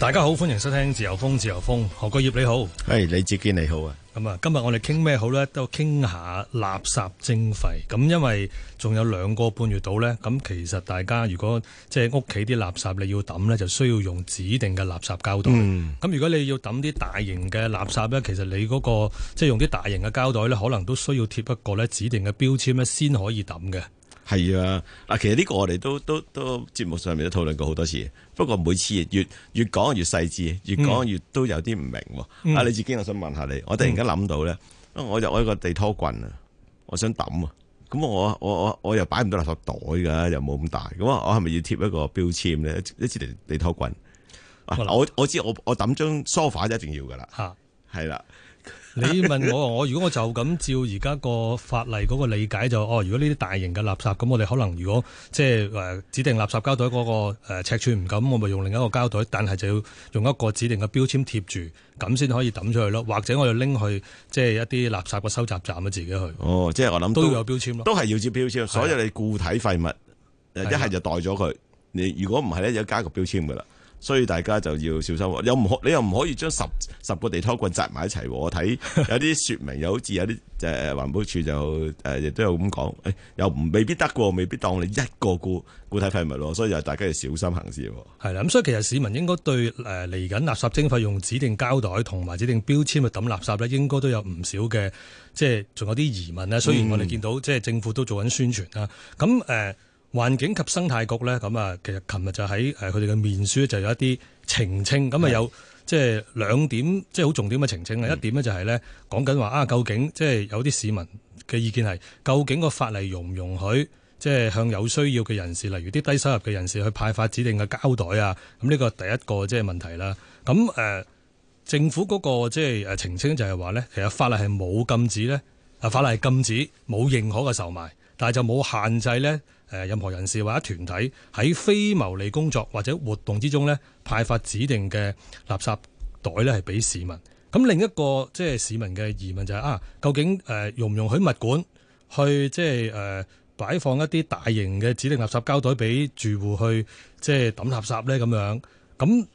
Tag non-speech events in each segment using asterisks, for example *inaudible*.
大家好，歡迎收聽自由風，自由風。何國業你好，係、hey, 李志堅你好啊。咁啊，今日我哋傾咩好呢？都傾下垃圾徵費。咁因為仲有兩個半月到呢，咁其實大家如果即係屋企啲垃圾你要抌呢，就需要用指定嘅垃圾膠袋。咁、嗯、如果你要抌啲大型嘅垃圾呢，其實你嗰、那個即係、就是、用啲大型嘅膠袋呢，可能都需要貼一個呢指定嘅標籤呢，先可以抌嘅。係啊，其實呢個我哋都都都節目上面都討論過好多次，不過每次越越講越細致，越講越都有啲唔明、嗯、啊，你自己我想問下你，我突然間諗到咧，嗯、我就我一個地拖棍啊，我想抌啊，咁我我我我又擺唔到垃圾袋噶，又冇咁大，咁我係咪要貼一個標籤咧？一次地拖棍，嗯、我我知我我抌張梳化就一定要噶啦，係啦、啊。是啊 *laughs* 你問我，我如果我就咁照而家個法例嗰個理解就，哦，如果呢啲大型嘅垃圾，咁我哋可能如果即係、呃、指定垃圾膠袋嗰個、呃呃、尺寸唔夠，我咪用另一個膠袋，但係就要用一個指定嘅標籤貼住，咁先可以抌出去咯。或者我哋拎去即係、就是、一啲垃圾嘅收集站啊，自己去。哦，即係我諗都，都要有標籤咯，都係要貼標籤。所以你固體廢物一係就袋咗佢，你的如果唔係咧，就加一個標籤噶啦。所以大家就要小心喎，又唔可你又唔可以將十十個地拖棍紮埋一齊，我睇有啲説明又 *laughs* 好似有啲誒環保署就誒亦都有咁講，誒、哎、又唔未必得喎，未必當你一個固固體廢物咯。所以又大家要小心行事喎。係啦，咁所以其實市民應該對誒嚟緊垃圾徵費用指定膠袋同埋指定標籤去抌垃圾咧，應該都有唔少嘅即係仲有啲疑問咧。雖然我哋見到即係政府都做緊宣傳啦，咁誒、嗯。環境及生態局咧，咁啊，其實琴日就喺誒佢哋嘅面書咧，就有一啲澄清咁啊，的有即係兩點，即係好重點嘅澄清咧。的一點咧就係咧講緊話啊，究竟即係有啲市民嘅意見係究竟個法例容唔容許即係向有需要嘅人士，例如啲低收入嘅人士去派發指定嘅膠袋啊？咁呢個第一個即係問題啦。咁誒、呃、政府嗰個即係誒澄清就係話咧，其實法例係冇禁止咧，啊法例係禁止冇認可嘅售賣，但係就冇限制咧。誒任何人士或者團體喺非牟利工作或者活動之中咧，派發指定嘅垃圾袋咧，係俾市民。咁另一個即係市民嘅疑問就係、是、啊，究竟誒、呃、容唔容許物管去即係誒、呃、擺放一啲大型嘅指定垃圾膠袋俾住戶去即係抌垃圾呢？咁樣？咁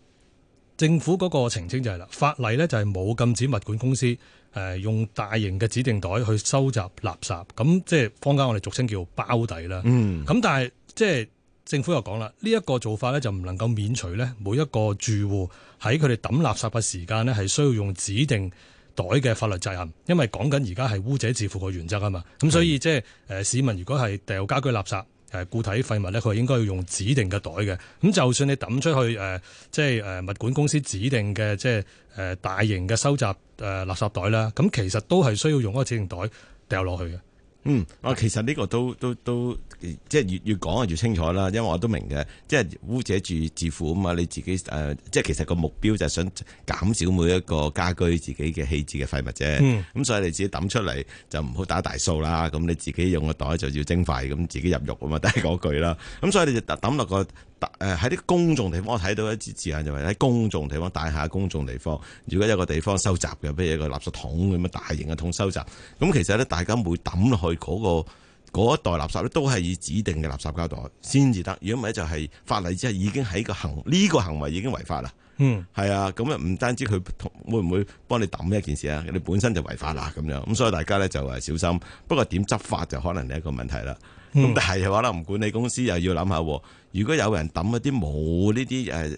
政府嗰個澄清就係、是、啦，法例呢就係冇禁止物管公司。誒用大型嘅指定袋去收集垃圾，咁即係坊間我哋俗稱叫包底啦。嗯，咁但係即係政府又講啦，呢一個做法咧就唔能夠免除咧每一個住戶喺佢哋抌垃圾嘅時間呢，係需要用指定袋嘅法律責任，因為講緊而家係污者自負嘅原則啊嘛。咁所以即係市民如果係掉家居垃圾固體廢物咧，佢應該要用指定嘅袋嘅。咁就算你抌出去即係物管公司指定嘅即係誒大型嘅收集誒垃圾袋啦，咁其實都係需要用嗰個指定袋掉落去嘅。嗯，啊，其實呢個都都都即係越越講越清楚啦，因為我都明嘅，即係污者住自付啊嘛，你自己誒，即係其實個目標就係想減少每一個家居自己嘅棄置嘅廢物啫。咁、嗯、所以你自己抌出嚟就唔好打大數啦。咁你自己用個袋就要徵費，咁自己入肉啊嘛，都係嗰句啦。咁所以你就抌落個。誒喺啲公眾地方，我睇到一啲字眼就係喺公眾地方、大廈公眾地方，如果一個地方收集嘅，譬如一個垃圾桶咁樣大型嘅桶收集，咁其實咧，大家每抌去嗰、嗰個。嗰一袋垃圾咧，都係以指定嘅垃圾膠袋先至得，如果唔係就係法例之下已經喺個行呢、呢個行為已經違法啦。嗯，係啊，咁啊唔單止佢同會唔會幫你抌呢一件事啊，你本身就違法啦咁樣。咁所以大家咧就誒小心。不過點執法就可能係一個問題啦。咁但係嘅話啦，唔管理公司又要諗下，如果有人抌一啲冇呢啲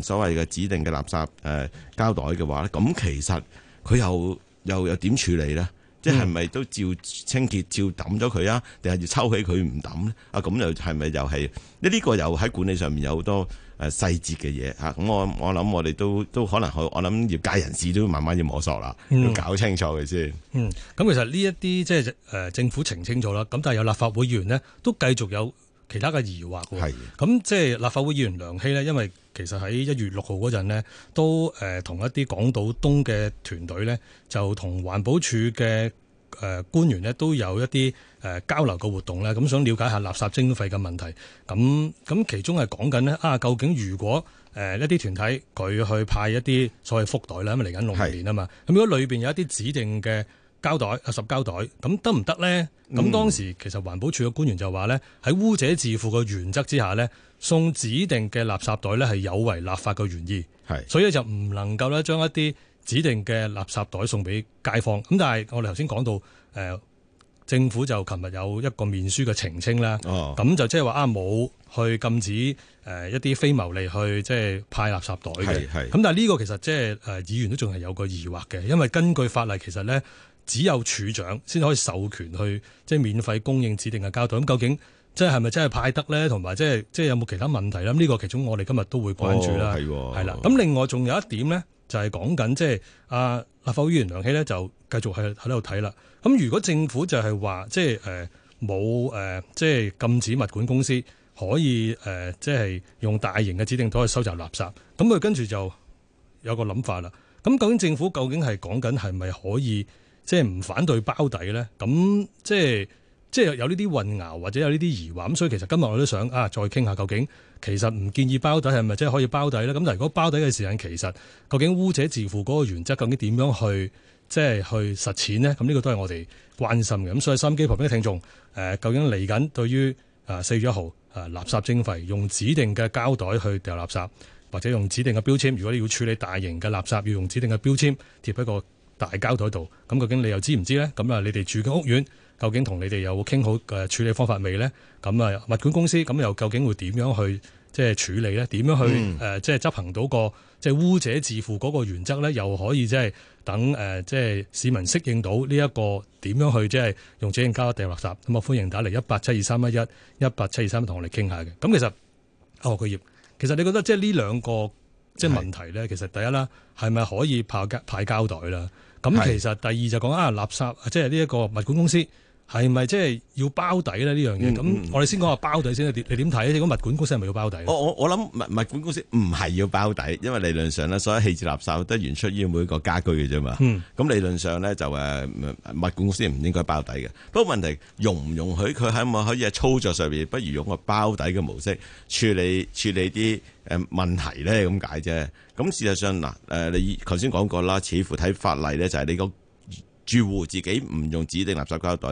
誒所謂嘅指定嘅垃圾誒膠袋嘅話咧，咁其實佢又又又點處理咧？即係咪都照清潔，照抌咗佢啊？定係要抽起佢唔抌咧？啊，咁又係咪又係？呢、呢、呢個又喺管理上面有好多誒細節嘅嘢吓，咁我我諗，我哋都都可能，我諗業界人士都慢慢要摸索啦，嗯、要搞清楚佢先。嗯，咁其實呢一啲即係誒政府澄清咗啦。咁但係有立法會議員呢，都繼續有其他嘅疑惑喎。係。咁即係立法會議員梁熙呢，因為。其實喺一月六號嗰陣呢，都同一啲港島東嘅團隊呢，就同環保署嘅官員呢，都有一啲交流嘅活動呢。咁想了解一下垃圾徵費嘅問題。咁咁其中係講緊呢，啊，究竟如果誒、呃、一啲團體佢去派一啲所謂福袋啦，因為嚟緊農年啊嘛，咁是如果裏面有一啲指定嘅膠袋啊，十膠袋咁得唔得呢？咁、嗯、當時其實環保署嘅官員就話呢，喺污者自負嘅原則之下呢，送指定嘅垃圾袋呢係有違立法嘅原意，是所以就唔能夠呢將一啲指定嘅垃圾袋送俾街坊。咁但係我哋頭先講到、呃、政府就琴日有一個面書嘅澄清啦，咁、哦、就即係話啊冇去禁止一啲非牟利去即係派垃圾袋嘅，咁但係呢個其實即係誒議員都仲係有個疑惑嘅，因為根據法例其實呢。只有署長先可以授權去即係免費供應指定嘅膠袋。咁究竟即係咪真係派得咧？同埋即係即係有冇其他問題咧？呢、這個其中我哋今日都會關注啦。係啦、哦。咁、啊、另外仲有一點咧，就係講緊即係阿立法會議員梁熙咧，就繼續喺喺度睇啦。咁如果政府就係話即係誒冇誒即係禁止物管公司可以誒即係用大型嘅指定袋去收集垃圾，咁佢跟住就有一個諗法啦。咁究竟政府究竟係講緊係咪可以？即係唔反對包底呢？咁即係即係有呢啲混淆或者有呢啲疑惑，咁所以其實今日我都想啊，再傾下究竟其實唔建議包底係咪即係可以包底呢？咁，但如果包底嘅時間其實究竟污者自負嗰個原則，究竟點樣去即係去實踐呢？咁呢、這個都係我哋關心嘅。咁所以心機旁邊嘅聽眾、呃、究竟嚟緊對於啊四月一號啊垃圾徵費，用指定嘅膠袋去掉垃圾，或者用指定嘅標籤，如果你要處理大型嘅垃圾，要用指定嘅標籤貼一個。大膠袋度，咁究竟你又知唔知咧？咁啊，你哋住嘅屋苑究竟同你哋有傾好嘅處理方法未咧？咁啊，物管公司咁又究竟會點樣去即係處理咧？點樣去、嗯呃、即係執行到個即係污者自付嗰個原則咧？又可以即係等、呃、即係市民適應到呢、這、一個點樣去即係用指定膠袋垃圾？咁、嗯、啊，歡迎打嚟一八七二三一一一八七二三同我哋傾下嘅。咁其實阿何嘅業，其實你覺得即係呢兩個即係問題咧？是其實第一啦，係咪可以派膠派膠袋啦？咁其實第二就講啊垃圾，即係呢一個物管公司。係咪即係要包底咧呢樣嘢？咁、嗯、我哋先講下包底先。你點睇？你講物管公司係咪要包底？我我我諗物物管公司唔係要包底，因為理論上咧，所有棄置垃圾都係源出於每個家居嘅啫嘛。咁、嗯、理論上咧就物管公司唔應該包底嘅。不過問題容唔容許佢喺咪可以喺操作上面，不如用個包底嘅模式處理處理啲誒問題咧？咁解啫。咁事實上嗱你頭先講過啦，似乎睇法例咧，就係你個。住戶自己唔用指定垃圾膠袋，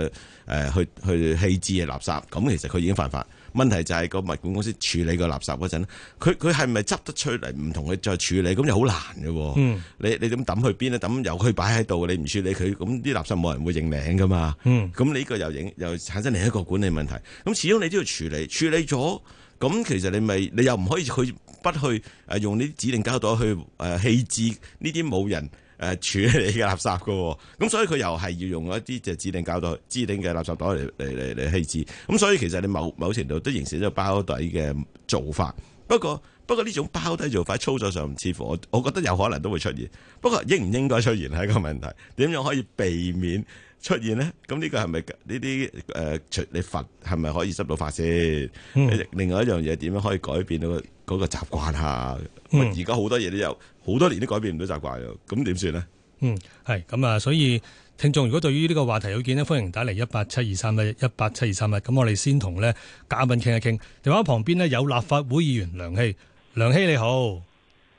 誒去去棄置嘅垃圾，咁其實佢已經犯法。問題就係個物管公司處理個垃圾嗰陣，佢佢係咪執得出嚟唔同佢再處理，咁就好難嘅、嗯。你你點抌去邊咧？抌由佢擺喺度，你唔處理佢，咁啲垃圾冇人會認領噶嘛。咁呢、嗯、個又影又產生另一個管理問題。咁始終你都要處理，處理咗，咁其實你咪你又唔可以去不去用呢啲指定膠袋去誒棄置呢啲冇人。誒、啊、處理你嘅垃圾嘅、哦，咁、嗯、所以佢又係要用一啲就係指定膠袋、指定嘅垃圾袋嚟嚟嚟嚟棄置。咁、嗯、所以其實你某某程度都形成咗包底嘅做法。不過不過呢種包底做法操作上似乎我我覺得有可能都會出現。不過應唔應該出現係一個問題。點樣可以避免出現呢？咁呢個係咪呢啲誒除你罰係咪可以執到法先？嗯、另外一樣嘢點樣可以改變到嗰個習慣、啊而家好多嘢都有，好多年都改變唔到習慣啦，咁點算呢嗯？嗯，係咁啊，所以聽眾如果對於呢個話題有見呢歡迎打嚟一八七二三一，一八七二三一。咁我哋先同咧，嘉賓傾一傾。電話旁邊呢，有立法會議員梁熙，梁熙你好，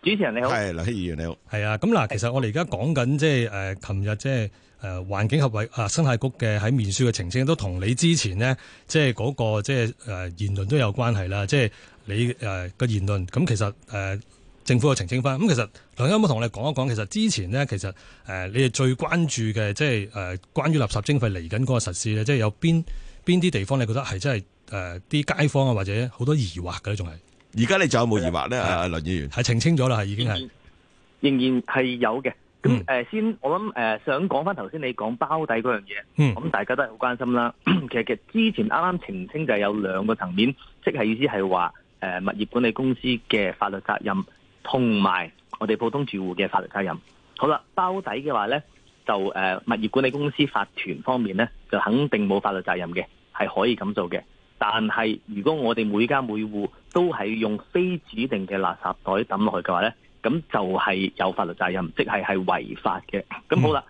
主持人你好，係梁熙議員你好。係啊，咁嗱，其實我哋而家講緊即係誒，琴日即係誒環境及衞啊，生態局嘅喺面書嘅澄清，都同你之前呢，即係嗰個即係誒言論都有關係啦。即、就、係、是、你誒個、呃、言論咁，其實、呃政府嘅澄清翻咁，其實梁熙有冇同我哋講一講？其實之前咧，其實誒、呃、你哋最關注嘅，即係誒、呃、關於垃圾徵費嚟緊嗰個實施咧，即係有邊邊啲地方，你覺得係真係誒啲街坊啊，或者好多疑惑嘅咧，仲係？而家你仲有冇疑惑咧，阿林議員？係澄清咗啦，係已經係仍然係有嘅。咁誒、嗯、先，我諗誒想講翻頭先你講包底嗰樣嘢，咁、嗯、大家都係好關心啦。其實其實之前啱啱澄清就係有兩個層面，即係意思係話誒物業管理公司嘅法律責任。同埋我哋普通住戶嘅法律責任，好啦，包底嘅話呢，就誒物業管理公司法團方面呢，就肯定冇法律責任嘅，係可以咁做嘅。但係如果我哋每家每戶都係用非指定嘅垃圾袋抌落去嘅話呢，咁就係有法律責任，即係係違法嘅。咁好啦，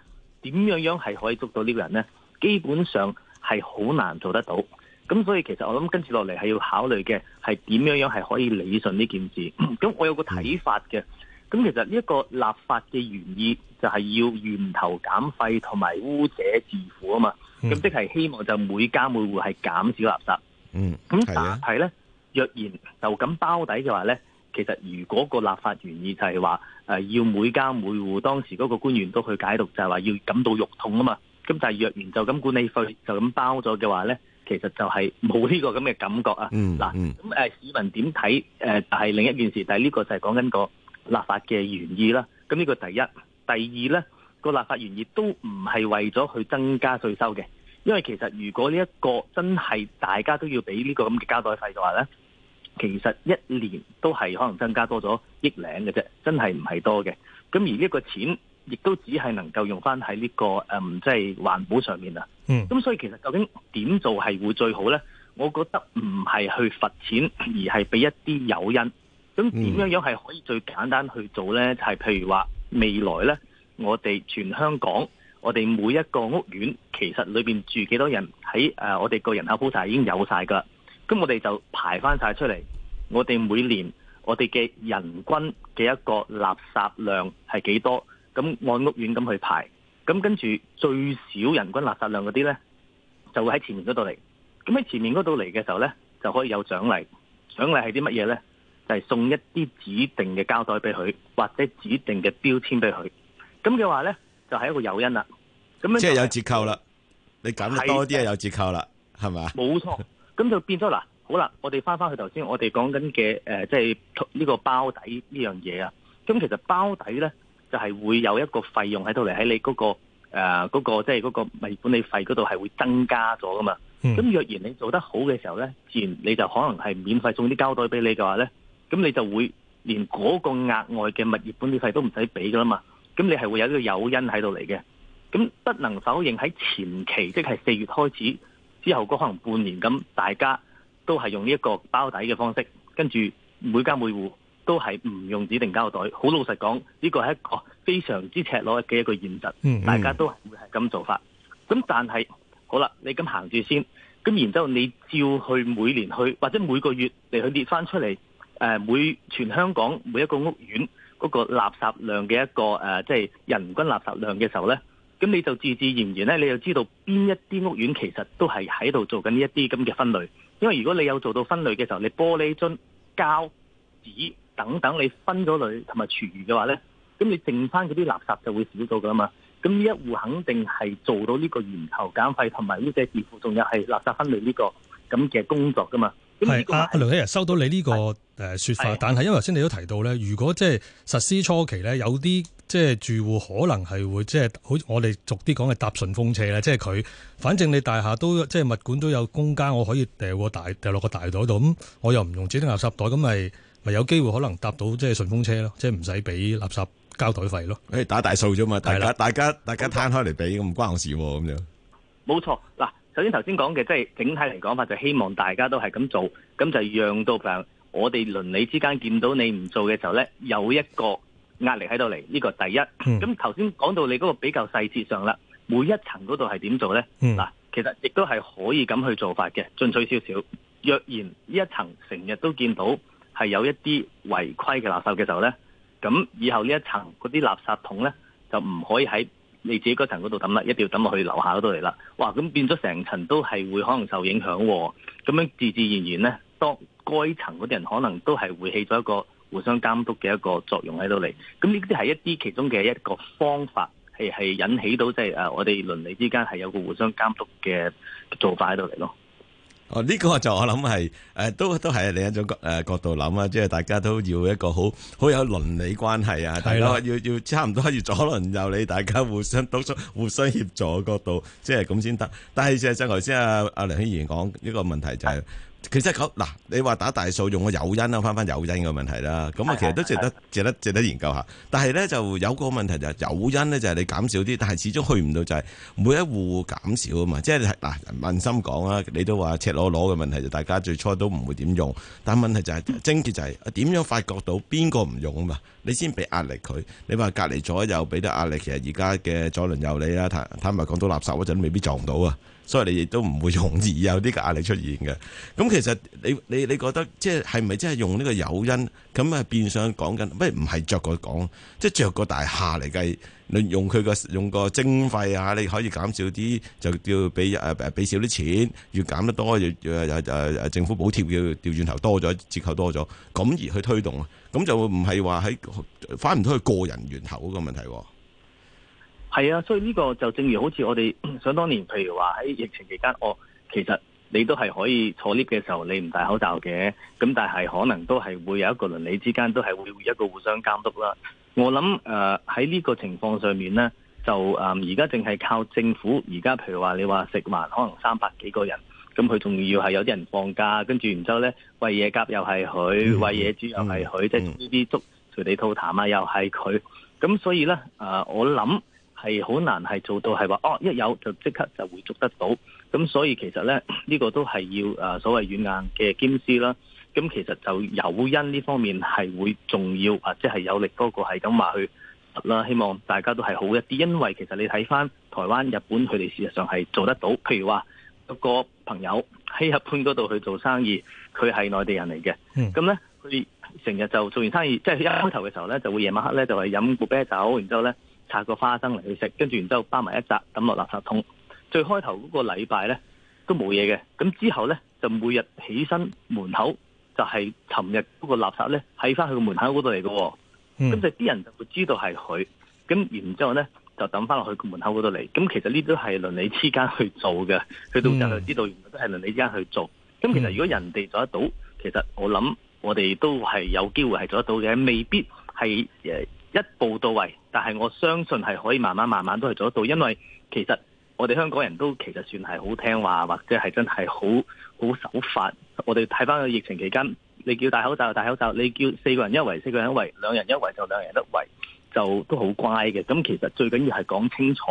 點樣樣係可以捉到呢個人呢？基本上係好難做得到。咁所以其實我諗跟住落嚟係要考慮嘅係點樣樣係可以理順呢件事。咁、嗯、我有個睇法嘅。咁、嗯、其實呢一個立法嘅原意就係要源頭減廢同埋污者自付啊嘛。咁即係希望就每家每戶係減少垃圾。嗯。咁但係咧，的若然就咁包底嘅話咧，其實如果個立法原意就係話，誒、呃，要每家每戶當時嗰個官員都去解讀，就係、是、話要感到肉痛啊嘛。咁但係若然就咁管理費就咁包咗嘅話咧？其實就係冇呢個咁嘅感覺啊，嗱、嗯、咁、嗯、誒、啊、市民點睇？誒、呃、係、就是、另一件事，但係呢個就係講緊個立法嘅原意啦。咁呢個第一，第二咧個立法原意都唔係為咗去增加稅收嘅，因為其實如果呢一個真係大家都要俾呢個咁嘅交代費嘅話咧，其實一年都係可能增加多咗億零嘅啫，真係唔係多嘅。咁而呢個錢亦都只係能夠用翻喺呢個誒，即係環保上面啊。咁、嗯、所以其實究竟點做係會最好呢？我覺得唔係去罰錢，而係俾一啲誘因。咁點樣樣係可以最簡單去做呢？就係、是、譬如話未來呢，我哋全香港，我哋每一個屋苑其實裏邊住幾多少人喺誒、呃，我哋個人口普查已經有晒㗎。咁我哋就排翻晒出嚟，我哋每年我哋嘅人均嘅一個垃圾量係幾多少？咁按屋苑咁去排。咁跟住最少人均垃圾量嗰啲咧，就會喺前面嗰度嚟。咁喺前面嗰度嚟嘅時候咧，就可以有獎勵。獎勵係啲乜嘢咧？就係、是、送一啲指定嘅膠袋俾佢，或者指定嘅標籤俾佢。咁嘅話咧，就係、是、一個誘因啦。咁樣、就是、即係有折扣啦。你揀多啲啊，有折扣啦，係咪的？冇吧錯。咁就變咗嗱，好啦，我哋翻返去頭先我哋講緊嘅誒，即係呢個包底呢樣嘢啊。咁其實包底咧。就係會有一個費用喺度嚟喺你嗰、嗰個誒即係嗰個物業管理費嗰度係會增加咗噶嘛？咁、嗯、若然你做得好嘅時候咧，自然你就可能係免費送啲膠袋俾你嘅話咧，咁你就會連嗰個額外嘅物業管理費都唔使俾噶啦嘛。咁你係會有一個誘因喺度嚟嘅。咁不能否認喺前期，即係四月開始之後嗰可能半年咁，大家都係用呢一個包底嘅方式，跟住每家每戶。都係唔用指定膠袋，好老實講，呢、這個係一個非常之赤裸嘅一個現實，嗯嗯、大家都會係咁做法。咁但係好啦，你咁行住先，咁然之後你照去每年去或者每個月嚟去列翻出嚟，每、呃、全香港每一個屋苑嗰個垃圾量嘅一個誒、呃，即係人均垃圾量嘅時候呢，咁你就自然而然呢，你就知道邊一啲屋苑其實都係喺度做緊呢一啲咁嘅分類，因為如果你有做到分類嘅時候，你玻璃樽、膠紙。等等，你分咗佢同埋廚餘嘅話咧，咁你剩翻嗰啲垃圾就會少咗噶啦嘛。咁呢一戶肯定係做到呢個源頭減廢同埋呢隻字。仲有係垃圾分類呢個咁嘅工作噶嘛。咁阿梁熙收到你呢、這個誒是、呃、說法，是但係因為頭先你都提到咧，如果即係實施初期咧，有啲即係住戶可能係會即、就、係、是、好，我哋逐啲講嘅搭順風車咧，即係佢反正你大廈都即係、就是、物管都有公家，我可以掉個大掉落個大袋度，咁我又唔用指定垃圾袋，咁咪。咪有機會可能搭到即係順風車咯，即係唔使俾垃圾膠袋費咯。誒，打大數啫嘛了，大家錯大家大家攤開嚟俾，咁唔關我事喎，啊，咁就冇錯。嗱，首先頭先講嘅即係整體嚟講法，就是、希望大家都係咁做，咁就讓到誒我哋鄰里之間見到你唔做嘅時候咧，有一個壓力喺度嚟。呢、這個第一。咁頭先講到你嗰個比較細節上啦，每一層嗰度係點做咧？嗱、嗯，其實亦都係可以咁去做法嘅，進取少少。若然呢一層成日都見到。係有一啲違規嘅垃圾嘅時候呢，咁以後呢一層嗰啲垃圾桶呢，就唔可以喺你自己嗰層嗰度抌啦，一定要抌落去樓下嗰度嚟啦。哇，咁變咗成層都係會可能受影響喎。咁樣自自然然呢，當該層嗰啲人可能都係會起咗一個互相監督嘅一個作用喺度嚟。咁呢啲係一啲其中嘅一個方法，係係引起到即係我哋鄰里之間係有個互相監督嘅做法喺度嚟咯。哦，呢個就我諗係誒，都都係另一種誒角度諗啊，即係大家都要一個好好有倫理關係啊，係咯，要要差唔多要左鄰右里，大家互相督促、互相協助嘅角度，即係咁先得。但係正正頭先啊啊梁熙議員講呢個問題就係。其實嗱，你話打大數用個誘因啦，翻翻誘因嘅問題啦，咁啊其實都值得、值得、值得研究下。但係咧就有個問題就係、是、誘因咧，就係你減少啲，但係始終去唔到就係每一戶減少啊嘛。即係嗱，問心講啦，你都話赤裸裸嘅問題就大家最初都唔會點用，但係問題就係症結就係、是、點樣發覺到邊個唔用啊嘛？你先俾壓力佢。你話隔籬左右俾得壓力，其實而家嘅左鄰右里啊，坦白講到垃圾嗰陣，未必撞到啊。所以你亦都唔會容易有啲嘅壓力出現嘅。咁其實你你你覺得即係係咪真係用呢個誘因咁啊，變相講緊，唔係着個講，即係着個大廈嚟計，用佢個用個徵費啊，你可以減少啲，就叫俾誒俾少啲錢，要減得多，要誒、啊啊、政府補貼要調轉頭多咗，折扣多咗，咁而去推動，咁就唔係話喺翻唔到去個人源頭嗰個問題。係啊，所以呢個就正如好似我哋想當年，譬如話喺疫情期間，我、哦、其實你都係可以坐 lift 嘅時候，你唔戴口罩嘅。咁但係可能都係會有一個倫理之間，都係會一個互相監督啦。我諗誒喺呢個情況上面呢，就誒而家淨係靠政府。而家譬如話你話食環可能三百幾個人，咁佢仲要係有啲人放假，跟住然之後呢，餵嘢鴿又係佢，餵嘢豬又係佢，即係呢啲捉隨地吐痰啊又係佢。咁所以呢，誒、呃，我諗。係好難係做到，係話哦一有就即刻就會捉得到，咁所以其實咧呢、這個都係要誒、呃、所謂軟硬嘅兼施啦。咁其實就有因呢方面係會重要或即係有力嗰個係咁話去啦。希望大家都係好一啲，因為其實你睇翻台灣、日本，佢哋事實上係做得到。譬如話有、那個朋友喺日本嗰度去做生意，佢係內地人嚟嘅，咁咧佢成日就做完生意，即係一開頭嘅時候咧，就會夜晚黑咧就係飲杯啤酒，然之後咧。拆個花生嚟去食，跟住然之後包埋一紮，抌落垃圾桶。最開頭嗰個禮拜咧都冇嘢嘅，咁之後咧就每日起身門口就係尋日嗰個垃圾咧喺翻佢個門口嗰度嚟嘅。咁、嗯、就啲人就會知道係佢，咁然之後咧就抌翻落去個門口嗰度嚟。咁其實呢啲都係鄰里之間去做嘅，去到就佢知道原、嗯、都係鄰里之間去做。咁其實如果人哋做得到，嗯、其實我諗我哋都係有機會係做得到嘅，未必係誒。呃一步到位，但係我相信係可以慢慢慢慢都係做得到，因為其實我哋香港人都其實算係好聽話，或者係真係好好守法。我哋睇返個疫情期間，你叫戴口罩就戴口罩，你叫四個人一圍，四個人一圍，兩人一圍就兩人一圍，就都好乖嘅。咁其實最緊要係講清楚。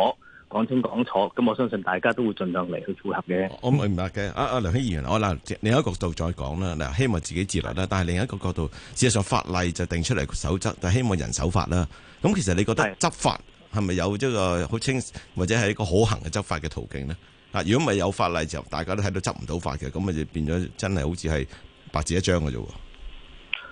講清講楚，咁我相信大家都會盡量嚟去配合嘅。我明白嘅。阿阿梁熙議員，我嗱另一個角度再講啦。嗱，希望自己自律啦，但係另一個角度，事實上法例就定出嚟守則，就希望人守法啦。咁其實你覺得執法係咪有呢個好清，或者係一個可行嘅執法嘅途徑呢？嗱，如果唔係有法例就大家都喺度執唔到法嘅，咁咪就變咗真係好似係白紙一張嘅啫喎。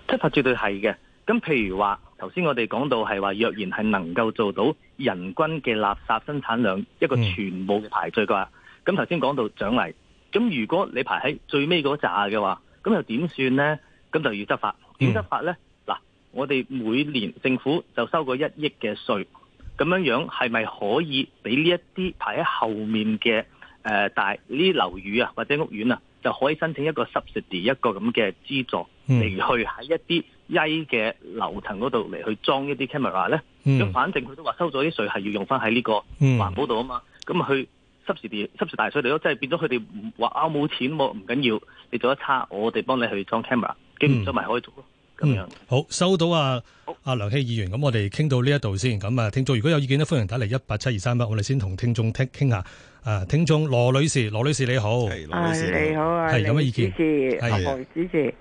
執法絕對係嘅。咁譬如話，頭先我哋講到係話，若然係能夠做到。人均嘅垃圾生產量一個全部嘅排序啩，咁頭先講到獎勵，咁如果你排喺最尾嗰扎嘅話，咁又點算呢？咁就要執法，點執法呢？嗱、嗯，我哋每年政府就收過一億嘅稅，咁樣樣係咪可以俾呢一啲排喺後面嘅誒大呢樓宇啊或者屋苑啊，就可以申請一個 subsidy 一個咁嘅資助嚟去喺一啲？一嘅樓層嗰度嚟去裝一啲 camera 咧，咁、嗯、反正佢都話收咗啲稅係要用翻喺呢個環保度啊嘛，咁去、嗯、濕時地濕時大水嚟咯，即係變咗佢哋話啊冇錢喎，唔緊要，你做得差，我哋幫你去裝 camera，經唔出咪可以做咯，咁、嗯、樣、嗯。好，收到啊，阿好、啊、梁熙議員，咁我哋傾到呢一度先，咁啊聽眾如果有意見咧，歡迎打嚟一八七二三八，我哋先同聽眾傾下。啊，聽眾羅女士，羅女士你好、哎，羅女士是、哎、你好啊，是有咩意見？主主、哎、呀持？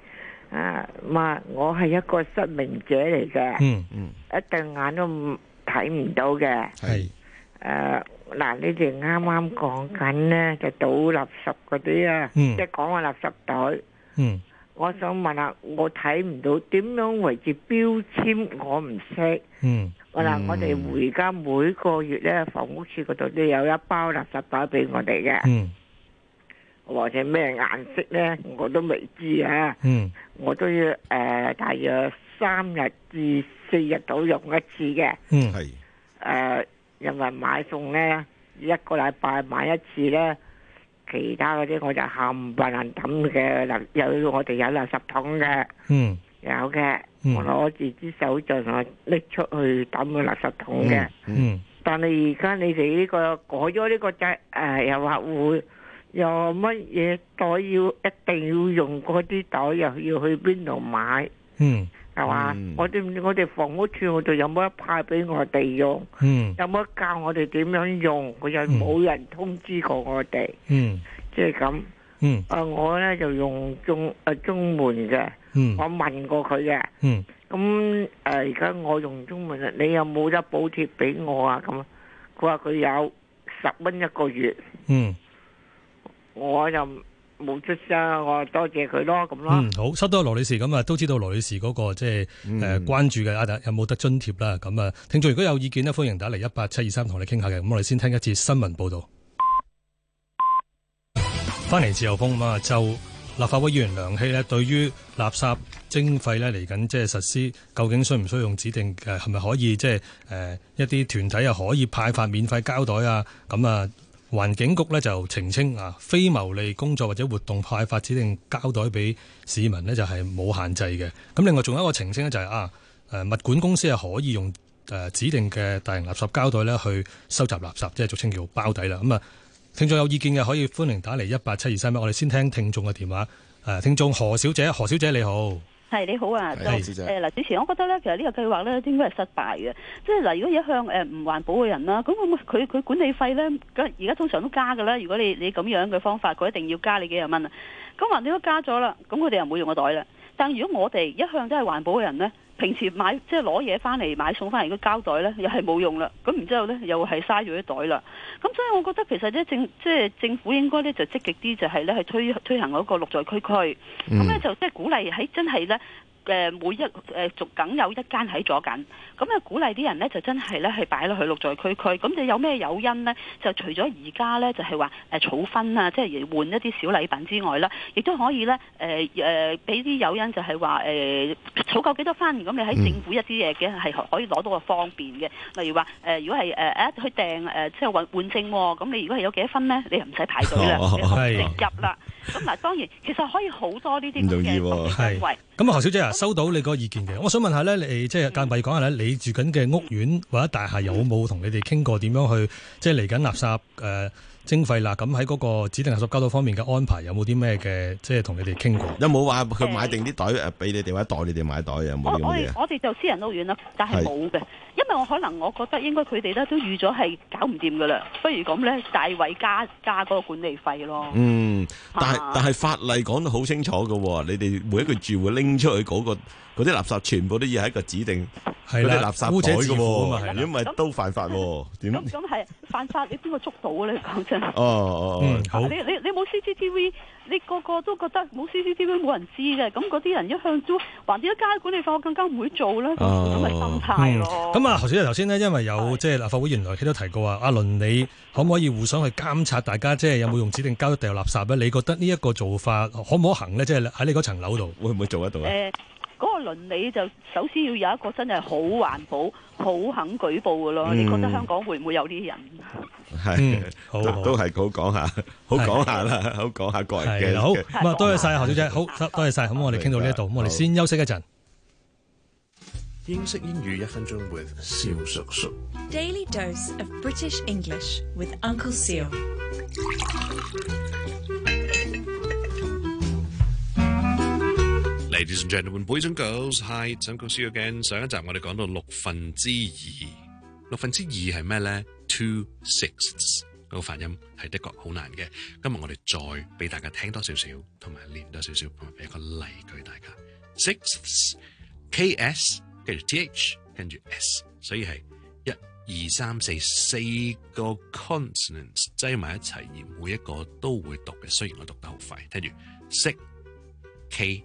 啊，嘛，我係一個失明者嚟嘅，嗯、一對眼都睇唔到嘅。係是，誒、呃，嗱，你哋啱啱講緊咧就倒垃圾嗰啲啊，嗯、即係講下垃圾袋。嗯，我想問下，我睇唔到，點樣為之標籤我？我唔識。嗯，嗱了，嗯、我哋回家每個月咧，房屋處嗰度都有一包垃圾袋俾我哋嘅。嗯。或者咩顏色咧，我都未知啊！我都要誒，大約三日至四日到用一次嘅。嗯，係。誒，因為買餸咧，一個禮拜買一次咧，其他嗰啲我就冚唪唥抌嘅，有我哋有垃圾桶嘅。嗯，有嘅。嗯，攞住支手杖啊，拎出去抌去垃圾桶嘅。嗯，但係而家你哋呢個改咗呢個制誒，又話會。又乜嘢袋要一定要用嗰啲袋，又要去邊度買？嗯，係嘛吧？嗯、我哋我哋房屋處，我哋有冇一派俾我哋用？嗯，有冇教我哋點樣用？佢又冇人通知過我哋。嗯，即係咁。嗯，啊、呃、我咧就用中誒中門嘅。嗯，我問過佢嘅。嗯，咁誒而家我用中門啊，你有冇得補貼俾我啊？咁，佢話佢有十蚊一個月。嗯。我又冇出聲，我多謝佢咯，咁咯。嗯，好，多謝羅女士。咁啊，都知道羅女士嗰個即係誒關注嘅阿達有冇得津貼啦。咁啊、嗯，聽眾如果有意見呢，歡迎打嚟一八七二三同你傾下嘅。咁我哋先聽一節新聞報道。翻嚟、嗯、自由風啊，就立法會議員梁熙呢，對於垃圾徵費呢嚟緊即係實施，究竟需唔需要用指定？係咪可以即係、就是呃、一啲團體又可以派發免費膠袋啊？咁啊～環境局咧就澄清啊，非牟利工作或者活動派發指定膠袋俾市民咧就係冇限制嘅。咁另外仲有一個澄清咧就係啊，誒物管公司係可以用誒指定嘅大型垃圾膠袋咧去收集垃圾，即係俗稱叫包底啦。咁啊，聽眾有意見嘅可以歡迎打嚟一八七二三一，我哋先聽聽眾嘅電話。誒，聽眾何小姐，何小姐你好。係你好啊，誒嗱，之前我覺得咧，其實個計劃呢個計劃咧應該係失敗嘅，即係嗱，如果一向誒唔環保嘅人啦，咁佢佢管理費咧，而家通常都加㗎啦，如果你你咁樣嘅方法，佢一定要加你幾廿蚊啊，咁橫掂你都加咗啦，咁佢哋又唔會用個袋啦，但如果我哋一向都係環保嘅人咧。平時買即係攞嘢翻嚟買餸翻嚟嗰膠袋呢又係冇用啦。咁然之後呢，又係嘥咗啲袋啦。咁所以，我覺得其實呢，政即係政府應該呢就積極啲，就係呢去推推行嗰個綠在區區。咁呢，就即係鼓勵喺真係呢。誒、呃、每一誒逐梗有一間喺左近，咁啊鼓勵啲人咧就真係咧係擺落去綠在區區，咁就有咩誘因咧？就除咗而家咧就係話誒儲分啊，即係換一啲小禮品之外啦，亦都可以咧誒誒俾啲誘因就，就係話誒儲夠幾多分咁你喺政府一啲嘢嘅係可以攞到個方便嘅，例如話誒、呃、如果係誒啊去訂誒即係換換證、啊，咁你如果係有幾多分咧，你唔使排隊啦， *laughs* 哦、直接入啦。 *laughs* 咁嗱，當然其實可以好多呢啲嘅定喎。咁啊，何小姐啊，收到你個意見嘅，我想問下咧，你即係間唔係講下咧，你住緊嘅屋苑或者大廈有冇同你哋傾過點樣去即係嚟緊垃圾誒、呃、徵費啦？咁喺嗰個指定垃圾交到方面嘅安排，有冇啲咩嘅即係同你哋傾過？有冇話佢買定啲袋誒俾的你哋或者袋你哋買袋？有冇？我哋我哋就私人屋苑啦，但係冇嘅。因為我可能我覺得應該佢哋咧都預咗係搞唔掂嘅啦，不如咁咧大位加加嗰個管理費咯。嗯，但係但係法例講得好清楚嘅喎，你哋每一個住戶拎出去嗰個嗰啲垃圾全部都要喺一個指定嗰啲垃圾袋嘅喎，唔係都犯法喎，點咧？咁咁係犯法，你邊個捉到呀？你講真。哦哦哦，好。你你你冇 CCTV？你個個都覺得冇 C C T V 冇人知嘅，咁嗰啲人一向都橫掂加咗管理法，我更加唔會做咧，咁咪心態咯。咁啊、嗯，何小姐頭先呢，因為有即係、就是、立法會議員原來佢都提過話，是阿倫你可唔可以互相去監察大家即係有冇用指定膠袋嚟掉垃圾咧？你覺得呢一個做法可唔可行咧？即係喺你嗰層樓度會唔會做得到啊？呃嗰個倫理就首先要有一個真係好環保、好肯舉報㗎囉。你覺得香港會唔會有啲人？係，好都係好講下，好講下啦，好講下個人嘅。好咁啊，多謝晒何小姐，好多謝晒。咁我哋傾到呢一度，咁我哋先休息一陣。英式英語一分鐘，with 肖叔叔。Daily dose of British English with Uncle Seal。Ladies and gentlemen, boys and girls, hi，想共你又見。上一集我哋講到六分之二，六分之二係咩呢？Two sixths 嗰個發音係的確好難嘅。今日我哋再俾大家聽多少少，同埋練多少少，同埋俾一個例句大家。Sixths K S 跟住 T H 跟住 S，所以係一二三四四個 consonants 擠埋一齊，而每一個都會讀嘅。雖然我讀得好快，聽住 Six K。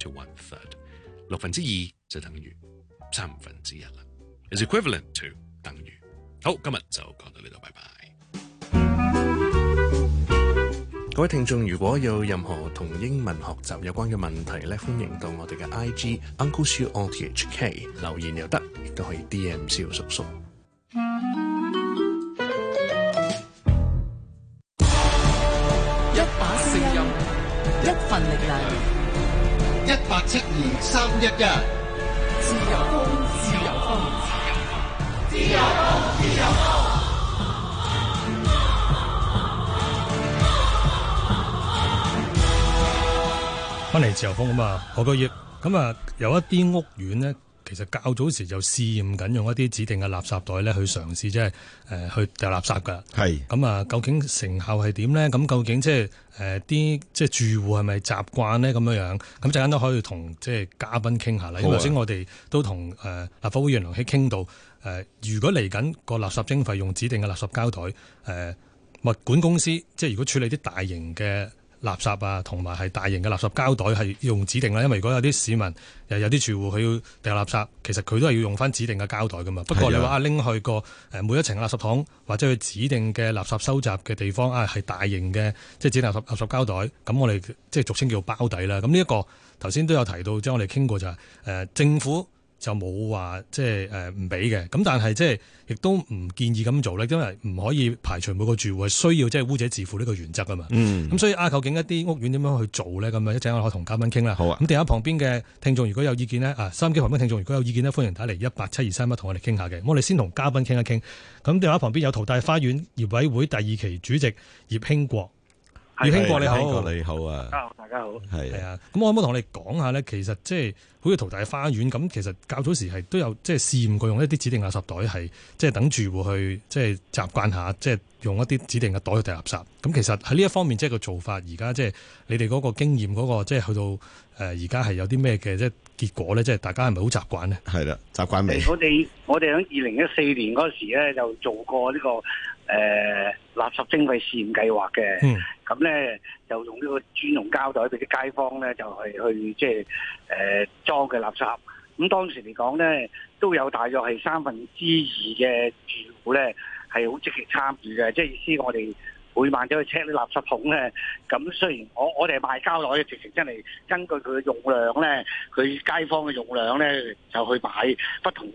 to one third，六分之二就等於三分之一啦，is equivalent to 等於。好，今日就講到呢度，拜拜。各位聽眾，如果有任何同英文學習有關嘅問題咧，歡迎到我哋嘅 IG Uncle Siu O T H K 留言又得，亦都可以 DM 蕭叔叔。一把聲音，一份力量。一八七二三一一，自由風，自由風，自由風，自由風，翻嚟自由風啊嘛，好多、 *laughs* 那個、月。咁啊，有一啲屋苑咧。其實較早時就試驗緊用一啲指定嘅垃圾袋咧，去嘗試即係誒去掉垃圾㗎。係咁啊，究竟成效係點咧？咁究竟、就是呃、即係誒啲即係住戶係咪習慣咧？咁樣樣咁陣間都可以同即係嘉賓傾下啦。啊、因為頭先我哋都同誒、呃、立法會議員喺傾到誒，如果嚟緊個垃圾徵費用指定嘅垃圾膠袋，誒、呃、物管公司即係如果處理啲大型嘅。垃圾啊，同埋係大型嘅垃圾膠袋係用指定啦，因為如果有啲市民有啲住戶佢要掉垃圾，其實佢都係要用返指定嘅膠袋㗎嘛。不過你話啊拎去個每一層垃圾桶或者去指定嘅垃圾收集嘅地方啊，係大型嘅即係指定垃圾垃圾膠袋，咁我哋即係俗稱叫包底啦。咁呢一個頭先都有提到，即係我哋傾過就係、是呃、政府。就冇話即係誒唔俾嘅，咁但係即係亦都唔建議咁做咧，因為唔可以排除每個住戶係需要即係污者自負呢個原則啊嘛。嗯，咁所以啊，究竟一啲屋苑點樣去做咧？咁樣一陣我可同嘉賓傾啦。好啊。咁電話旁邊嘅聽眾如果有意見咧，啊，收音機旁邊聽眾如果有意見咧，歡迎打嚟一八七二三一同我哋傾下嘅。我哋先同嘉賓傾一傾。咁電話旁邊有淘大花園業委會第二期主席葉興國。葉興國你好，你好啊，大家好，係啊，咁可唔可以同我哋講下咧？其實即係好似淘大花園咁，其實較早時係都有即係、就是、試驗過用一啲指定垃圾袋，係即係等住戶去即係習慣下，即、就、係、是、用一啲指定嘅袋去掉垃圾。咁其實喺呢一方面，即係個做法，而家即係你哋嗰個經驗嗰、那個，即、就、係、是、去到誒而家係有啲咩嘅即？就是結果咧，即係大家係咪好習慣咧？係啦，習慣未？我哋我哋喺二零一四年嗰時咧，就做過呢、這個誒、呃、垃圾徵費試驗計劃嘅。咁咧、嗯、就用呢個專用膠袋俾啲街坊咧，就係、是、去即係誒裝嘅垃圾。咁當時嚟講咧，都有大約係三分之二嘅住戶咧係好積極參與嘅。即係意思我哋。每晚都去 check 啲垃圾桶咧，咁雖然我我哋賣膠袋，嘅直情真係根據佢嘅用量咧，佢街坊嘅用量咧就去買不同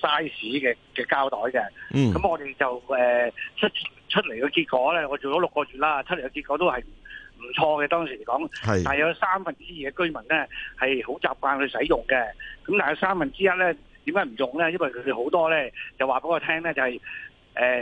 size 嘅嘅膠袋嘅。咁、嗯、我哋就誒、呃、出出嚟嘅結果咧，我做咗六個月啦，出嚟嘅結果都係唔錯嘅當時嚟講。係，但有三分之二嘅居民咧係好習慣去使用嘅，咁但係三分之一咧點解唔用咧？因為佢哋好多咧就話俾我聽、就、咧、是，就係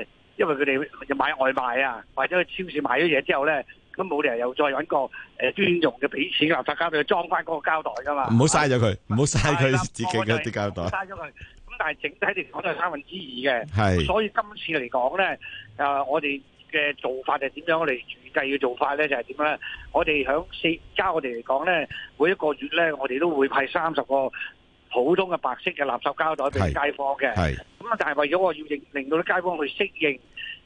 誒。因為佢哋要買外賣啊，或者去超市買咗嘢之後咧，咁冇理由又再揾個誒專用嘅俾錢垃圾膠俾佢裝翻嗰個膠袋噶嘛，唔好嘥咗佢，唔好嘥佢自己嘅啲膠袋。嘥咗佢，咁但係整體嚟講都係三分之二嘅，係。的所以今次嚟講咧，誒我哋嘅做法就係點樣我哋預計嘅做法咧，就係點咧？我哋響四交我哋嚟講咧，每一個月咧，我哋都會派三十個。普通嘅白色嘅垃圾膠袋俾街坊嘅，咁啊但係為咗我要令，令到啲街坊去適應，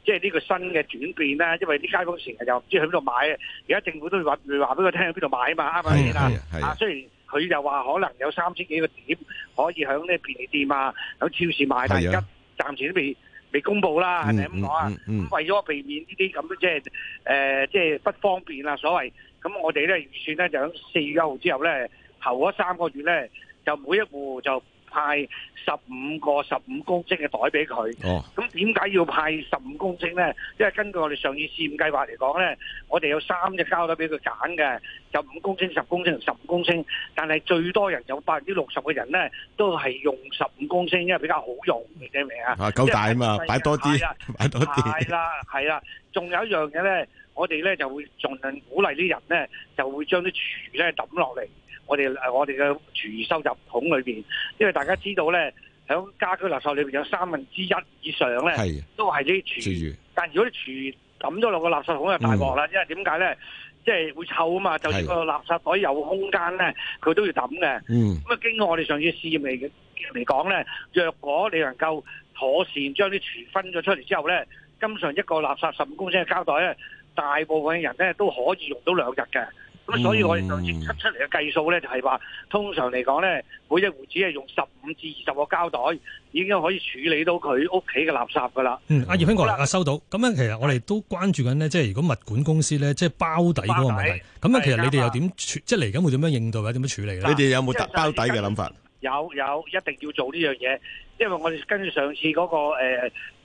即係呢個新嘅轉變啦。因為啲街坊成日又唔知去邊度買，而家政府都話話俾佢聽去邊度買啊嘛，啱啱先啊？雖然佢又話可能有三千幾個點可以喺呢便利店啊、喺超市買，的但而家暫時都未未公布啦。係咪咁講啊？為咗避免呢啲咁即係誒即係不方便啊，所謂咁我哋咧預算咧就響四月一號之後咧頭嗰三個月咧。就每一戶就派十五個十五公升嘅袋俾佢。哦，咁點解要派十五公升咧？因為根據我哋上次試驗計劃嚟講咧，我哋有三隻膠袋俾佢揀嘅，就五公升、十公升同十五公升。但係最多人有百分之六十嘅人咧，都係用十五公升，因為比較好用，明唔明啊？啊，夠大啊嘛，擺多啲，啦擺多啲。係啦，係 *laughs* 啦，仲有一樣嘢咧，我哋咧就會盡量鼓勵啲人咧，就會將啲廚咧抌落嚟。我哋我哋嘅廚餘收集桶裏面，因為大家知道咧，響家居垃圾裏面有三分之一以上咧，都係啲廚餘。的但如果啲廚餘抌咗落個垃圾桶就大鑊啦，嗯、因為點解咧？即係會臭啊嘛！就算個垃圾袋有空間咧，佢都要抌嘅。的嗯。咁啊，經過我哋上次試驗嚟嚟講咧，若果你能夠妥善將啲廚分咗出嚟之後咧，基本上一個垃圾十五公升嘅膠袋咧，大部分嘅人咧都可以用到兩日嘅。咁、嗯、所以我哋就次出嚟嘅計數咧，就係話通常嚟講咧，每一戶只係用十五至二十個膠袋，已經可以處理到佢屋企嘅垃圾噶啦。嗯，阿、啊、葉興國嚟，收到。咁樣其實我哋都關注緊咧，即係如果物管公司咧，即係包底嗰個問題。咁底樣其實你哋又點吧即係嚟緊會點樣應對，或者點樣處理咧？你哋有冇包底嘅諗法？有有，一定要做呢樣嘢，因為我哋跟住上次嗰、那個誒數、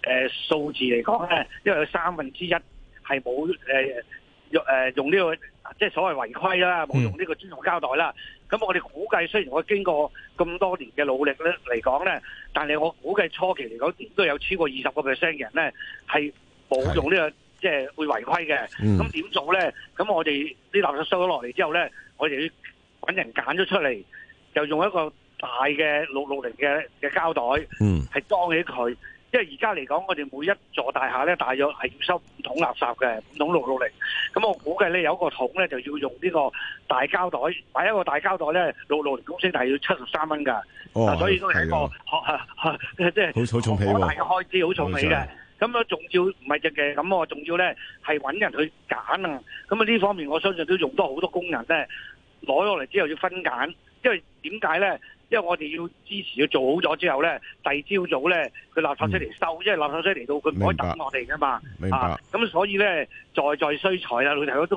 呃呃、數字嚟講咧，因為有三分之一係冇用用、誒、呢個即係所謂違規啦，冇用呢個專用膠袋啦。咁、嗯、我哋估計，雖然我經過咁多年嘅努力咧嚟講咧，但係我估計初期嚟講，點都有超過二十、個 percent 嘅人咧係冇用呢個即係會違規嘅。咁點、嗯、做咧？咁我哋啲垃圾收咗落嚟之後咧，我哋要搵人揀咗出嚟，就用一個大嘅六六零嘅嘅膠袋，係、嗯、裝起佢。因為而家嚟講，我哋每一座大廈咧，大約係要收五桶垃圾嘅，五桶六六零。咁我估計咧，有一個桶咧就要用呢個大膠袋，買一個大膠袋咧六六零公升，大約七十三蚊㗎。哦、所以都係一個即係好重起喎、啊，好大嘅開支，好重起嘅。咁啊，仲要唔係淨嘅咁？我仲要咧係揾人去揀啊。咁啊，呢方面我相信都用多好多工人咧攞咗落嚟之後要分揀，因為點解咧？因為我哋要支持佢做好咗之後咧，第二朝早咧佢垃圾車嚟收，嗯、因為垃圾車嚟到佢唔可以等我哋噶嘛。明白。咁、啊、白所以咧，再再衰財啦！老頭哥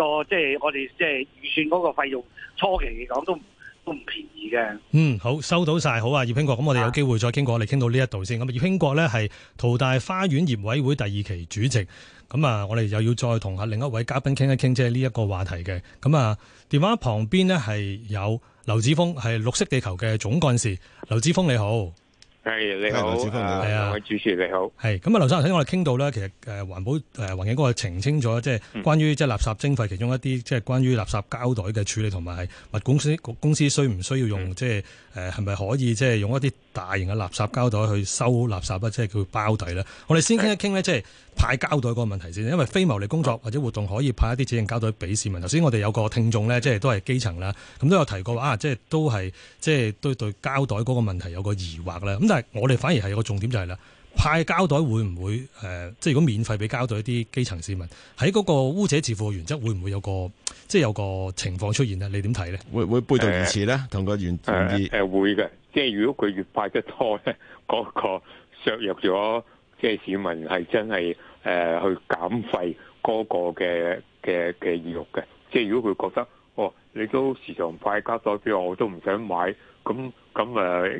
都個即係我哋即係預算嗰個費用初期嚟講都都唔便宜嘅。嗯，好，收到晒。好啊，葉興國。咁、啊、我哋有機會再傾過，我哋傾到呢一度先。咁葉興國咧係淘大花園業委會第二期主席。咁啊，我哋又要再同下另一位嘉賓傾一傾，即係呢一個話題嘅。咁啊，電話旁邊呢係有。劉祉鋒係綠惜地球嘅總幹事，劉祉鋒你好。係你好，係啊，啊位主持你好，係，咁啊，劉生頭先我哋傾到咧，其實誒環保誒環境局係澄清咗，即係、嗯、關於即係垃圾徵費其中一啲，即係關於垃圾膠袋嘅處理同埋係物管公、公司需唔需要用，即係誒係咪可以即係用一啲大型嘅垃圾膠袋去收垃圾啊，即、就、係、是、叫包底咧？我哋先傾一傾咧，即係、嗯。派膠袋嗰個問題先，因為非牟利工作或者活動可以派一啲指定膠袋俾市民。頭先我哋有個聽眾咧，即係都係基層啦，咁都有提過話啊，即係都係即係都對膠袋嗰個問題有個疑惑啦。咁但係我哋反而係有個重點就係、是、啦，派膠袋會唔會、呃、即係如果免費俾膠袋一啲基層市民，喺嗰個污者自負嘅原則會唔會有個即係有個情況出現咧？你點睇咧？會背道而馳咧，同個、呃、原誒會會嘅，即係如果佢越派得多咧，嗰、那個削弱咗，即係市民係真係。誒去減費嗰個嘅嘅嘅意欲嘅，即係如果佢覺得，哦，你都時常派卡多啲，我都唔想買，咁咁誒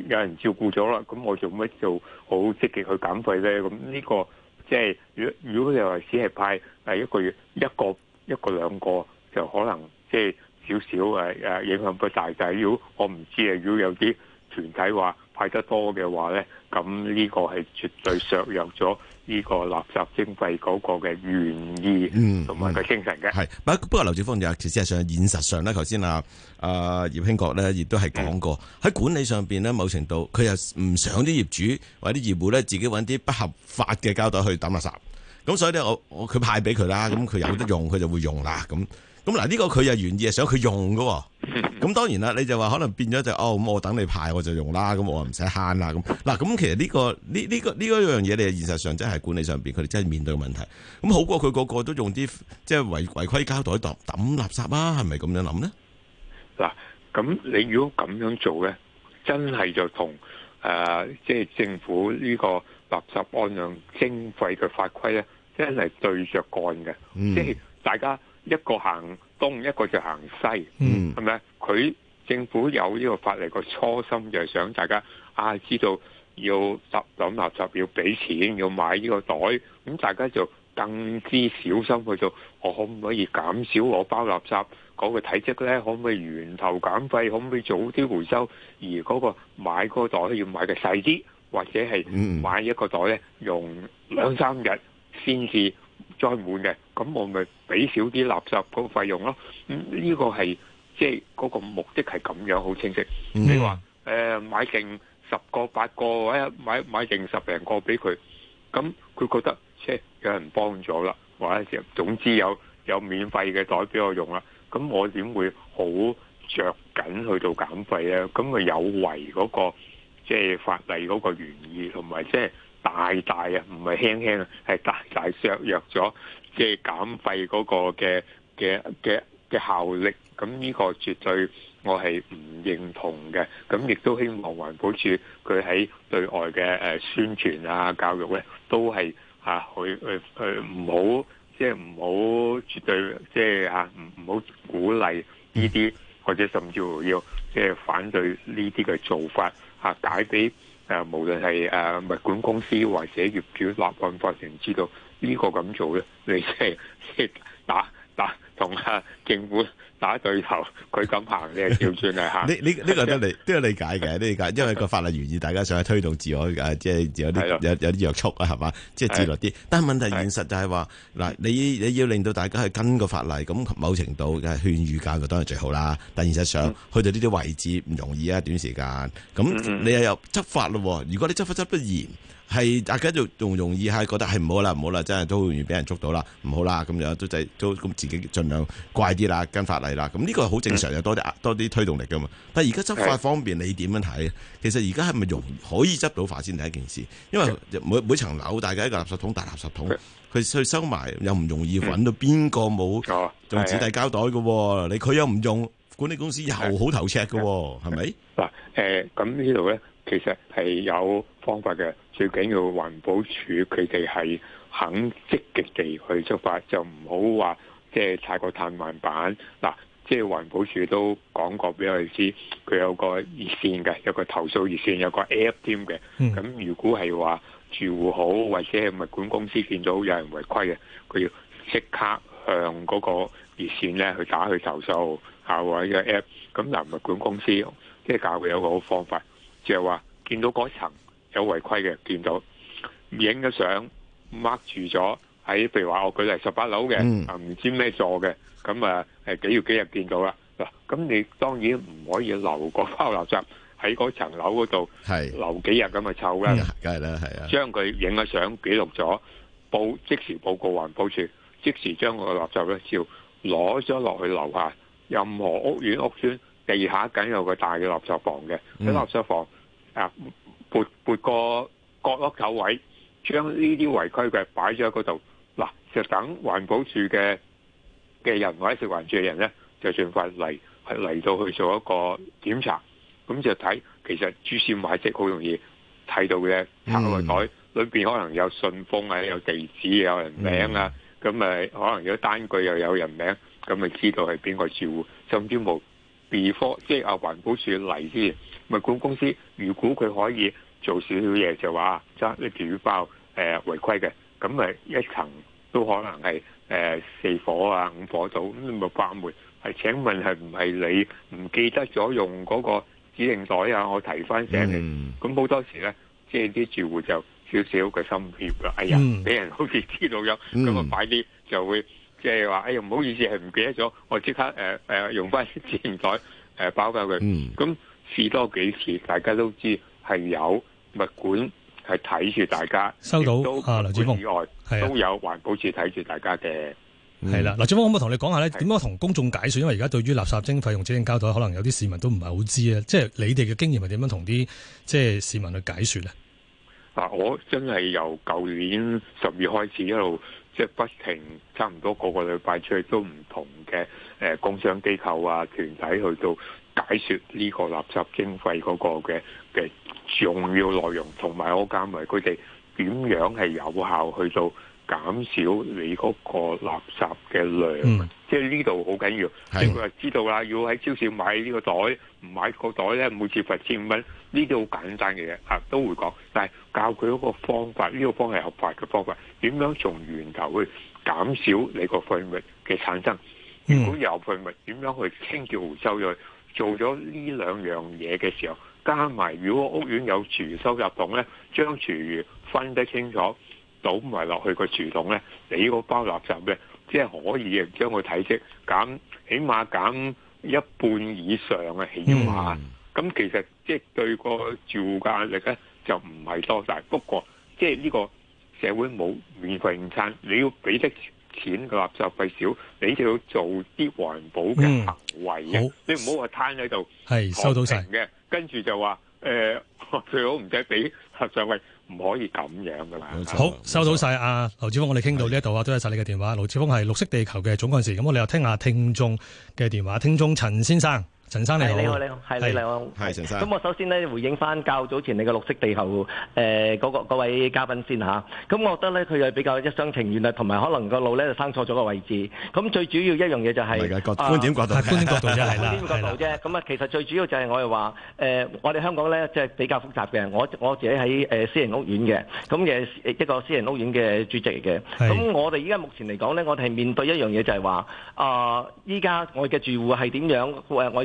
有人照顧咗啦，咁我做乜做好積極去減費咧？咁呢個即係，如果如果你話只係派誒一個月一個一個兩個，就可能即係少少影響不大，但係如果我唔知啊，如果有啲團體話派得多嘅話咧，咁呢個係絕對削弱咗。呢個垃圾徵費嗰個嘅原意同埋個精神嘅係。不過劉祉鋒就其實係上現實上咧，頭先啊啊葉興國咧，亦都係講過喺的管理上邊咧，某程度佢又唔想啲業主或者啲業戶咧自己揾啲不合法嘅膠袋去抌垃圾，咁所以咧我我佢派俾佢啦，咁佢有得用佢就會用啦咁。的咁嗱，呢個佢又願意，係想佢用噶。咁當然啦，你就話可能變咗就是、哦，咁我等你派我就用啦，咁我唔使慳啦。咁嗱，咁其實呢、這個呢呢、這個呢一樣嘢，你係現實上真係管理上面，佢哋真係面對問題。咁好過佢個個都用啲即係違違規膠袋擋抌垃圾啊，係咪咁樣諗呢？嗱，咁你如果咁樣做咧，真係就同、呃、即係政府呢個垃圾按量徵費嘅法規咧，真係對著幹嘅，嗯、即係大家。一個行東，一個就行西，係咪、嗯？佢政府有呢個法例個初心就係想大家啊，知道要諗，抌垃圾要俾錢，要買呢個袋，咁、嗯、大家就更之小心去做。我可唔可以減少我包垃圾嗰、嗰個體積咧？可唔可以源頭減廢？可唔可以早啲回收？而嗰個買嗰個袋要買嘅細啲，或者係買一個袋咧，用兩三日先至裝滿嘅。嗯嗯咁我咪俾少啲垃圾個費用咯。咁呢個係即係嗰個目的係咁樣，好清晰。你話誒買成十個八個，或者買買成十零個俾佢，咁佢覺得即係有人幫助啦，或者總之有有免費嘅袋俾我用啦。咁我點會好著緊去到減費咧？咁佢有違嗰個即係法例嗰個原意，同埋即係大大啊，唔係輕輕啊，係大大削弱咗。即係減費嗰個嘅嘅嘅嘅效力，咁呢個絕對我係唔認同嘅。咁亦都希望環保署佢喺對外嘅誒宣傳啊、教育咧，都係嚇去去去唔好，即係唔好絕對，即係嚇唔唔好鼓勵呢啲，或者甚至乎要即係反對呢啲嘅做法嚇，解俾誒無論係誒物管公司或者業主立案法團知道。呢個咁做咧，你即係即係打打同啊政府打對頭，佢咁行，你係調轉嚟行？你你呢個都理都有理解嘅理解，因為個法律原意，大家想去推動自我嘅，即係有啲有有啲約束啊，係嘛？即係自律啲。係。但係問題現實就係話，嗱，你你要令到大家去跟個法例，咁某程度嘅勸喻教嘅當然最好啦。但係現實上，去到呢啲位置唔容易啊，短時間咁你又有執法咯。如果你執法執不嚴。係大家就仲容易係覺得係唔好啦，唔好啦，真係都容易俾人捉到啦，唔好啦，咁樣都就都咁自己盡量乖啲啦，跟法例啦。咁呢個好正常，有多啲多啲推動力噶嘛。但而家執法方面，你點樣睇啊？其實而家係咪容可以執到法先？第一件事，因為每每層樓大家一個垃圾桶，大垃圾桶，佢去收埋又唔容易揾到邊個冇用紙袋膠袋嘅喎。你佢又唔用，管理公司又好頭赤嘅喎，係咪？嗱，誒咁呢度咧？其實係有方法嘅，最緊要是環保署佢哋係肯積極地去執法，就唔好話即係踩個碳環板嗱。即、啊、係、就是、環保署都講過俾我哋知，佢有個熱線嘅，有個投訴熱線，有個 app 添嘅。咁如果係話住戶好或者係物管公司見到有人違規嘅，佢要即刻向嗰個熱線咧去打去投訴，或者個 app。咁嗱，物管公司即係、就是、教佢有個好方法。就話見到嗰層有違規嘅，見到影咗相，掹住咗喺，譬如話我舉例十八樓嘅，唔、嗯啊、知咩座嘅，咁啊係幾月幾日見到啦？咁、啊、你當然唔可以留個包垃圾喺嗰層樓嗰度，是留幾日咁咪臭啦，梗係啦，係、嗯、啊，將佢影咗相記錄咗，報即時報告環保署，即時將個垃圾咧照攞咗落去樓下，任何屋苑屋村地下梗有個大嘅垃圾房嘅，喺、嗯、垃圾房。啊！撥撥個角落頭位，將呢啲違規嘅擺咗喺嗰度。嗱、啊，就等環保署嘅嘅人或者食環署嘅人咧，就儘快嚟，嚟到去做一個檢查。咁就睇其實蛛絲馬跡好容易睇到嘅，膠袋裏面可能有信封啊，有地址，有人名啊。咁誒、嗯，可能有單據又有人名，咁咪知道係邊個住戶？甚至冇。B 火即係啊，環保署嚟先，物管公司。如果佢可以做少少嘢，就話揸啲住包誒、呃、違規嘅，咁咪一層都可能係誒、呃、四火啊五火到，咁咪爆門。係請問係唔係你唔記得咗用嗰個指定袋啊？我提翻醒你。咁好、嗯、多時咧，即係啲住戶就少少嘅心怯啦。哎呀，俾、嗯、人好似知道咗，咁啊、嗯、快啲就會。即係話，哎呀唔好意思，係唔記得咗，我即刻誒誒、呃呃、用翻啲指定袋誒、呃、包翻佢。咁、嗯、試多幾次，大家都知係有物管係睇住大家。收到都啊，劉祉鋒以外，都、啊、有環保署睇住大家嘅。係啦、啊，劉祉、嗯啊、鋒可唔可以同你講下咧？點樣同公眾解說？因為而家對於垃圾徵費用指定交代，可能有啲市民都唔係好知啊。即係你哋嘅經驗係點樣同啲即係市民去解說咧？嗱、啊，我真係由舊年十月開始一路。即係不停，差唔多個個禮拜出去都唔同嘅誒、呃、工商機構啊團體去到解說呢個垃圾徵費嗰個嘅嘅重要內容，同埋我認為佢哋點樣係有效去到減少你嗰個垃圾嘅量，嗯、即係呢度好緊要。即係佢話知道啦，要喺超市買呢個袋，唔買個袋咧，每次罰千五蚊。呢啲好簡單嘅嘢，吓都會講，但係教佢嗰個方法，呢個方法係合法嘅方法，點樣從源頭去減少你個廢物嘅產生？如果有廢物，點樣去清潔回收？再做咗呢兩樣嘢嘅時候，加埋如果屋苑有廚餘收集桶呢，將廚餘分得清楚倒埋落去個廚桶呢，你個包垃圾呢，即係可以將佢體積減，起碼減一半以上嘅起碼。嗯咁其實即係對個住戶嘅壓力咧就唔係多大，不過即係呢個社會冇免費午餐，你要俾啲錢個垃圾費少，你就要做啲環保嘅行為啊！你唔好話攤喺度，係收到曬嘅，跟住就話誒，最好唔使俾合上位，唔可以咁樣噶啦。好，收到曬啊！劉祉鋒，我哋傾到呢一度啊，多謝曬你嘅電話。劉祉鋒係綠惜地球嘅總幹事，咁我哋又聽下聽眾嘅電話。聽眾陳先生。陳生你好，你好，你好是你好，係你嚟啊，係陳生。咁我首先咧回應翻較早前你嘅綠色地球誒嗰個位嘉賓先嚇。咁、啊、我覺得咧佢就比較一廂情願啊，同埋可能個腦咧就生錯咗個位置。咁最主要一樣嘢就係、是呃、觀點角度。觀點角度啫 *laughs* 角度啫。咁啊，其實最主要就係我哋話誒，我哋香港咧即係比較複雜嘅。我我自己喺誒私人屋苑嘅，咁嘅一個私人屋苑嘅主席嘅。咁是我哋依家目前嚟講咧，我哋係面對一樣嘢就係話啊，依、呃、家我哋嘅住戶係點樣？我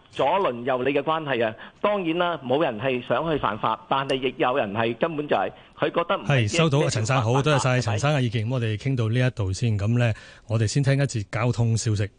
左鄰右里嘅關係啊，當然啦，冇人係想去犯法，但係亦有人係根本就係、是、佢覺得。唔係收到啊，陳生好，多謝晒陳生嘅意見，是是我哋傾到呢一度先，咁咧，我哋先聽一節交通消息。